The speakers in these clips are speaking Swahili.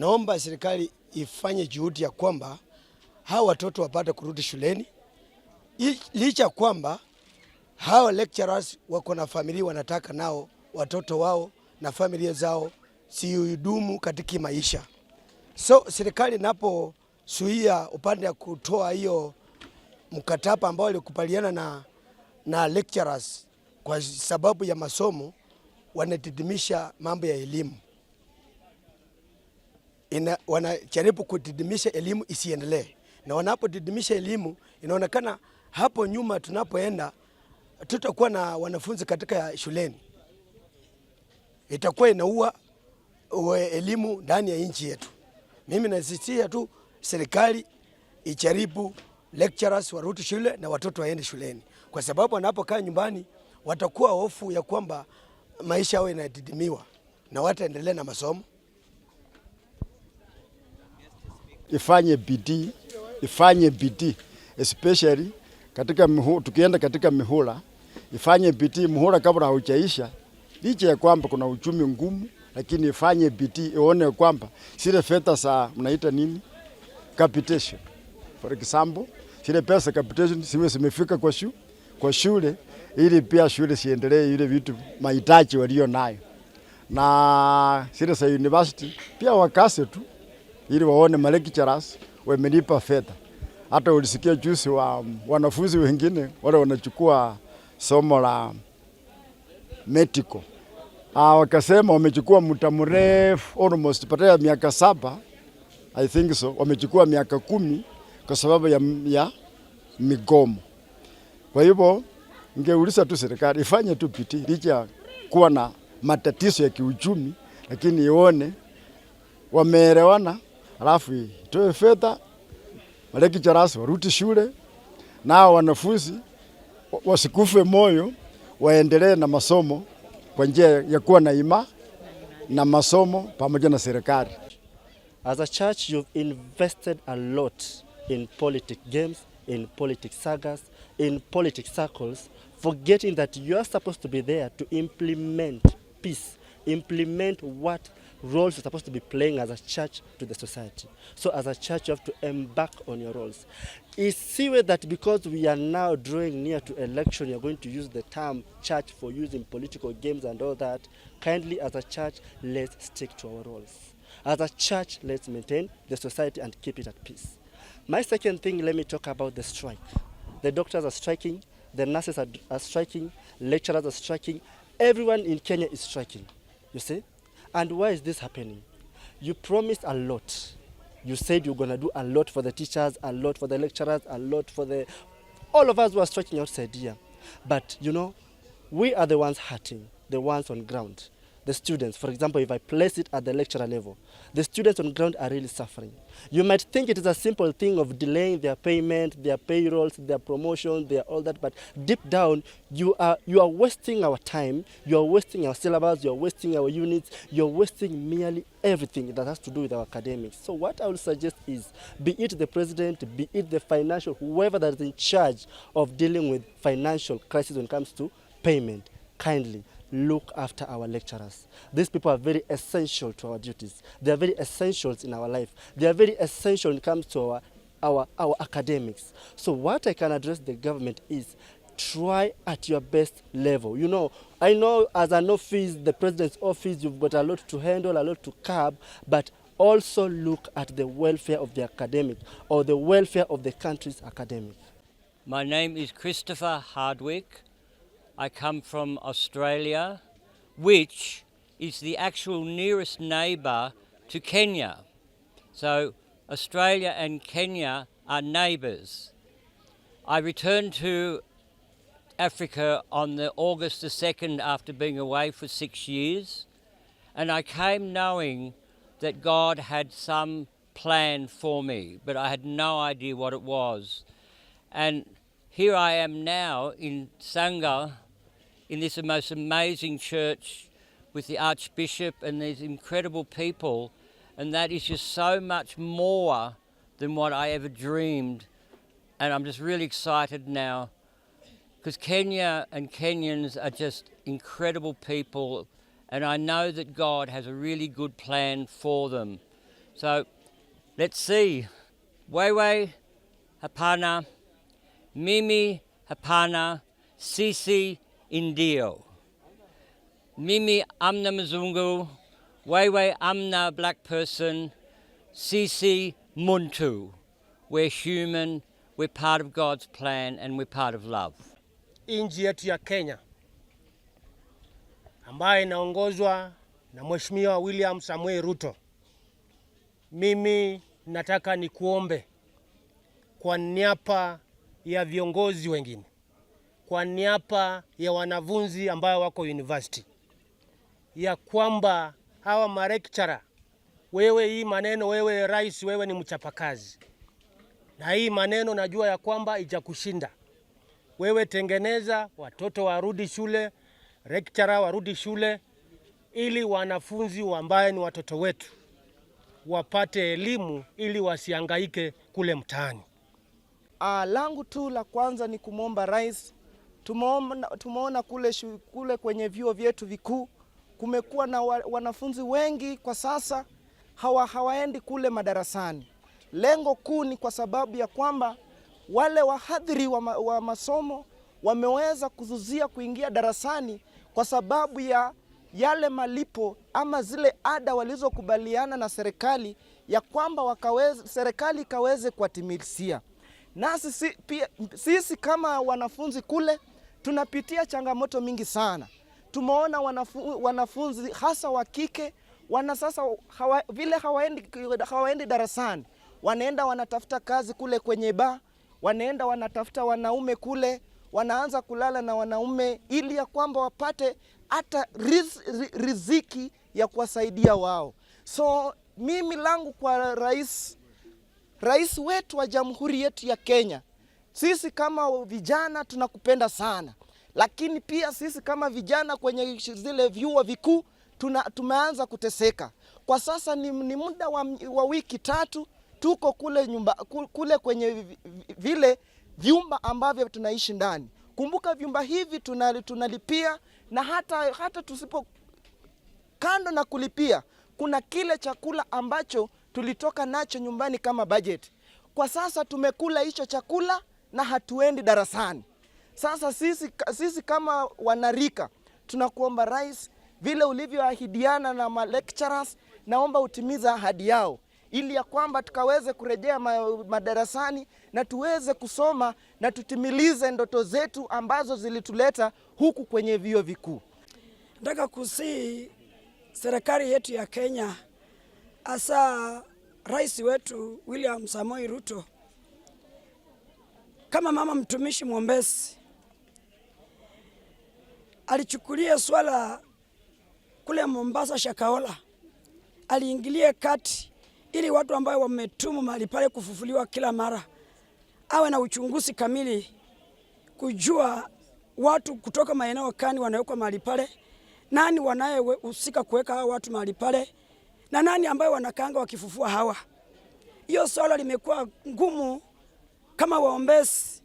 Naomba serikali ifanye juhudi ya kwamba hawa watoto wapate kurudi shuleni, licha kwamba hawa lecturers wako na familia, wanataka nao watoto wao na familia zao siudumu katika maisha. So serikali inaposuia upande ya kutoa hiyo mkataba ambao walikubaliana na, na lecturers kwa sababu ya masomo, wanadidimisha mambo ya elimu ina, wanajaribu kudidimisha elimu isiendelee, na wanapodidimisha elimu inaonekana hapo nyuma tunapoenda tutakuwa na wanafunzi katika shuleni, itakuwa inaua elimu ndani ya nchi yetu. Mimi nasisitiza tu serikali ijaribu, lecturers warudi shule na watoto waende shuleni, kwa sababu wanapokaa nyumbani watakuwa hofu ya kwamba maisha yao inadidimiwa na wataendelea na masomo ifanye bidii, ifanye bidii especially katika mihu, tukienda katika mihula ifanye bidii muhula kabla haujaisha. Licha ya kwamba kuna uchumi ngumu, lakini ifanye bidii, ione kwamba sile fedha za mnaita nini capitation, for example, sile pesa capitation zime simefika kwa shu, kwa shule ili pia shule siendelee ile vitu mahitaji walio nayo na sile za university pia wakase tu ili waone malecturers wamelipa fedha. Hata ulisikia juzi wa wanafunzi wengine wale wanachukua somo la metiko ah, wakasema wamechukua muda mrefu almost pataa miaka saba I think so, wamechukua miaka kumi kwa sababu ya, ya migomo. Kwa hivyo ngeuliza tu serikali ifanye tu bidii, licha kuwa na matatizo ya kiuchumi, lakini ione wameelewana alafu itoe fedha malekicharas waruti shule, nao wanafunzi wasikufe moyo, waendelee na masomo kwa njia ya kuwa na ima na masomo pamoja na serikali. As a church you've invested a lot in politic games, in politic sagas, in politic circles, forgetting that you are supposed to be there to implement peace, implement what roles you're supposed to be playing as a church to the society. So as a church, you have to embark on your roles. Isiwe that because we are now drawing near to election, you're going to use the term church for using political games and all that. Kindly, as a church, let's stick to our roles. As a church, let's maintain the society and keep it at peace. My second thing, let me talk about the strike. The doctors are striking, the nurses are, are striking, lecturers are striking, everyone in Kenya is striking. You see? And why is this happening? You promised a lot. You said you're going to do a lot for the teachers, a lot for the lecturers, a lot for the... All of us were stretching out this But, you know, we are the ones hurting, the ones on ground the students. For example, if I place it at the lecturer level, the students on ground are really suffering. You might think it is a simple thing of delaying their payment, their payrolls, their promotion, their all that, but deep down, you are, you are wasting our time, you are wasting our syllabus, you are wasting our units, you are wasting merely everything that has to do with our academics. So what I would suggest is, be it the president, be it the financial, whoever that is in charge of dealing with financial crisis when it comes to payment, kindly look after our lecturers. These people are very essential to our duties. They are very essentials in our life. They are very essential when it comes to our, our, our academics. So what I can address the government is try at your best level. You know, I know as an office, the president's office, you've got a lot to handle, a lot to curb, but also look at the welfare of the academic or the welfare of the country's academic. My name is Christopher Hardwick. I come from Australia, which is the actual nearest neighbour to Kenya. So Australia and Kenya are neighbours. I returned to Africa on the August the 2nd after being away for six years, and I came knowing that God had some plan for me, but I had no idea what it was. And here I am now in Sangha in this most amazing church with the Archbishop and these incredible people. And that is just so much more than what I ever dreamed. And I'm just really excited now because Kenya and Kenyans are just incredible people. And I know that God has a really good plan for them. So let's see. Wewe Hapana, Mimi Hapana, Sisi Indio. Mimi amna Mzungu, wewe amna black person, sisi muntu. We're human, we're part of God's plan and we're part of love. Nchi yetu ya Kenya ambayo inaongozwa na Mheshimiwa William Samuel Ruto. Mimi nataka nikuombe kwa niapa ya viongozi wengine kwa niaba ya wanafunzi ambao wako university ya kwamba hawa marekchara, wewe hii maneno, wewe rais, wewe ni mchapakazi, na hii maneno najua ya kwamba ijakushinda wewe. Tengeneza watoto warudi shule, rekchara warudi shule, ili wanafunzi ambaye ni watoto wetu wapate elimu ili wasiangaike kule mtaani. Ah, langu tu la kwanza ni kumwomba rais Tumeona, tumeona kule, shu, kule kwenye vyuo vyetu vikuu kumekuwa na wa, wanafunzi wengi kwa sasa hawa, hawaendi kule madarasani. Lengo kuu ni kwa sababu ya kwamba wale wahadhiri wa, ma, wa masomo wameweza kuzuzia kuingia darasani kwa sababu ya yale malipo ama zile ada walizokubaliana na serikali ya kwamba wakaweze, serikali ikaweze kuwatimizia. Nasi si, pia, sisi kama wanafunzi kule tunapitia changamoto mingi sana. Tumeona wanafu, wanafunzi hasa wa kike wana sasa hawa, vile hawaendi, hawaendi darasani, wanaenda wanatafuta kazi kule kwenye ba wanaenda wanatafuta wanaume kule, wanaanza kulala na wanaume ili ya kwamba wapate hata riz, riziki ya kuwasaidia wao. So mimi langu kwa rais, rais wetu wa jamhuri yetu ya Kenya sisi kama vijana tunakupenda sana, lakini pia sisi kama vijana kwenye zile vyuo vikuu tuna, tumeanza kuteseka kwa sasa. Ni, ni muda wa, wa wiki tatu tuko kule, nyumba, kule kwenye vile vyumba ambavyo tunaishi ndani. Kumbuka vyumba hivi tunalipia na hata, hata tusipo kando na kulipia, kuna kile chakula ambacho tulitoka nacho nyumbani kama bajeti. Kwa sasa tumekula hicho chakula na hatuendi darasani. Sasa sisi, sisi kama wanarika tunakuomba rais, vile ulivyoahidiana na ma lecturers, naomba utimiza ahadi yao ili ya kwamba tukaweze kurejea madarasani na tuweze kusoma na tutimilize ndoto zetu ambazo zilituleta huku kwenye vyuo vikuu. Nataka kusii serikali yetu ya Kenya, hasa rais wetu William Samoei Ruto kama mama mtumishi mwombezi alichukulia swala kule Mombasa shakaola aliingilia kati ili watu ambao wametumwa mahali pale kufufuliwa kila mara awe na uchunguzi kamili kujua watu kutoka maeneo kani wanawekwa mahali pale, nani wanayehusika kuweka hawa watu mahali pale na nani ambayo wanakaanga wakifufua hawa. Hiyo swala limekuwa ngumu kama waombezi.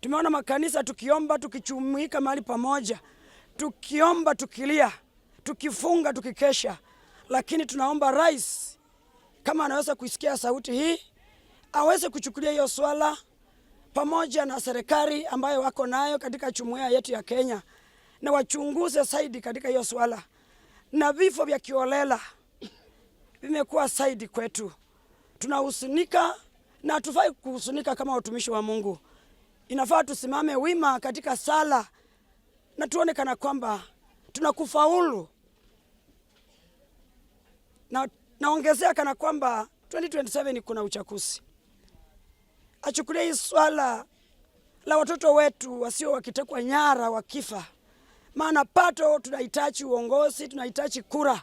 Tumeona makanisa tukiomba, tukichumuika mahali pamoja, tukiomba, tukilia, tukifunga, tukikesha, lakini tunaomba rais kama anaweza kuisikia sauti hii aweze kuchukulia hiyo swala pamoja na serikali ambayo wako nayo katika jumuiya yetu ya Kenya, na wachunguze zaidi katika hiyo swala, na vifo vya kiolela vimekuwa zaidi kwetu, tunahusunika na hatufai kuhusunika kama watumishi wa Mungu. Inafaa tusimame wima katika sala na tuone kana kwamba tunakufaulu, na naongezea kana kwamba 2027 kuna uchakusi. Achukulie hii swala la watoto wetu wasio wakitekwa nyara wakifa, maana pato tunahitaji uongozi, tunahitaji kura.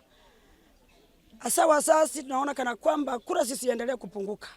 Hasa wasasi tunaona kana kwamba kura sisiendelee kupunguka.